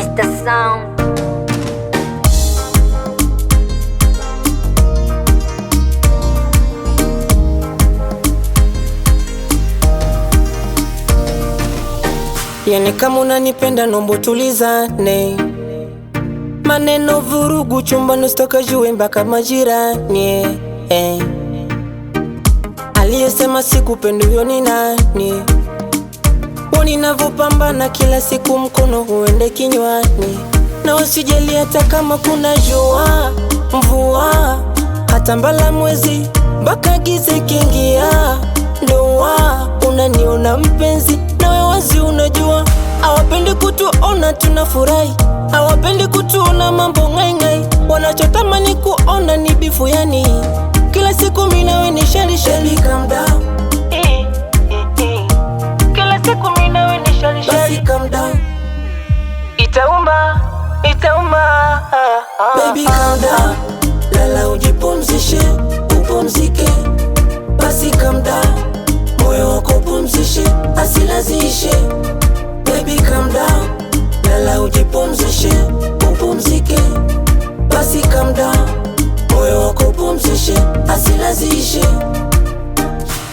estação. the sound. Yani kama unanipenda nombo tulizane, maneno vurugu chumbani usitoka juu mpaka majirani eh. Aliyesema siku huyo ni nani? ndivyo ninavyopambana kila siku, mkono huende kinywani, na usijali hata kama kuna jua mvua, hata mbala mwezi mpaka giza kiingia, ndoa unaniona mpenzi, nawe wazi unajua hawapendi kutuona tunafurahi, hawapendi kutuona mambo ngaingai, wanachotamani kuona ni bifu yani Baby kanda lala ujipumzishe, upumzike, basi kamda moyo wako upumzishe, asilaziishe. Baby kamda lala ujipumzishe, upumzike, basi kamda moyo wako upumzishe, asilaziishe.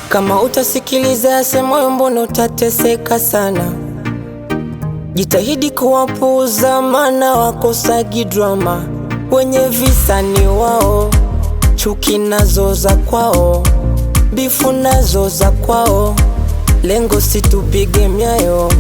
Kama utasikiliza ase moyo, mbona utateseka sana? Jitahidi kuwapuuza, maana wakosagi drama wenye visa ni wao, chuki nazo za kwao, bifu nazo za kwao, lengo situpige myayo.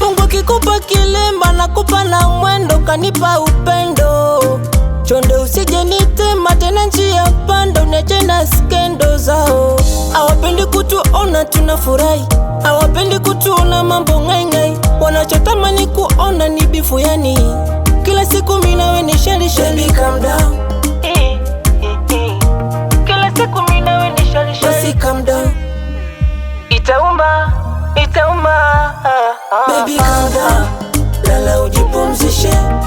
Mungu kikupa kilemba na kupa na mwendo, kanipa upendo chonde, usije nitema tena njia panda, uniache na skendo zao. Hawapendi kutuona furahi hawapendi kutuona mambo ngai ngai, wanachotamani kuona ni bifu yani kila siku mimi na wewe ni shari shari, calm down. Kila siku calm down. Itauma, itauma. Baby calm down. Lala ujipumzishe